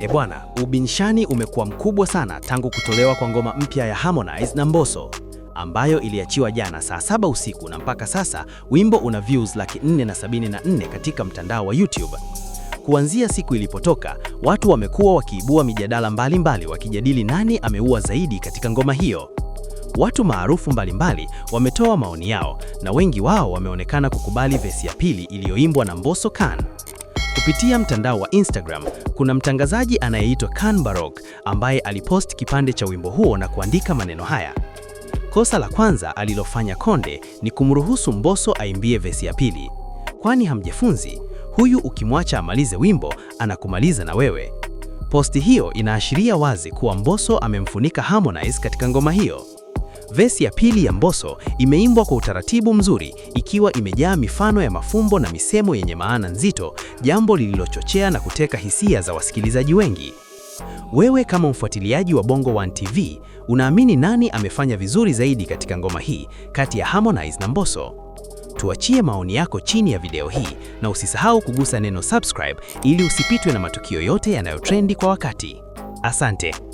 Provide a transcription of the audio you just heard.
E bwana, ubinshani umekuwa mkubwa sana tangu kutolewa kwa ngoma mpya ya Harmonize na Mbosso ambayo iliachiwa jana saa saba usiku na mpaka sasa wimbo una views laki nne na sabini na nne katika mtandao wa YouTube. Kuanzia siku ilipotoka, watu wamekuwa wakiibua mijadala mbalimbali wakijadili nani ameua zaidi katika ngoma hiyo. Watu maarufu mbalimbali wametoa maoni yao na wengi wao wameonekana kukubali vesi ya pili iliyoimbwa na Mbosso Khan. Kupitia mtandao wa Instagram, kuna mtangazaji anayeitwa Kan Barok ambaye alipost kipande cha wimbo huo na kuandika maneno haya. Kosa la kwanza alilofanya Konde ni kumruhusu Mbosso aimbie vesi ya pili. Kwani hamjefunzi? Huyu ukimwacha amalize wimbo anakumaliza na wewe. Posti hiyo inaashiria wazi kuwa Mbosso amemfunika Harmonize katika ngoma hiyo. Vesi ya pili ya Mbosso imeimbwa kwa utaratibu mzuri ikiwa imejaa mifano ya mafumbo na misemo yenye maana nzito, jambo lililochochea na kuteka hisia za wasikilizaji wengi. Wewe kama mfuatiliaji wa Bongo One TV, unaamini nani amefanya vizuri zaidi katika ngoma hii kati ya Harmonize na Mbosso? Tuachie maoni yako chini ya video hii na usisahau kugusa neno subscribe ili usipitwe na matukio yote yanayotrendi kwa wakati. Asante.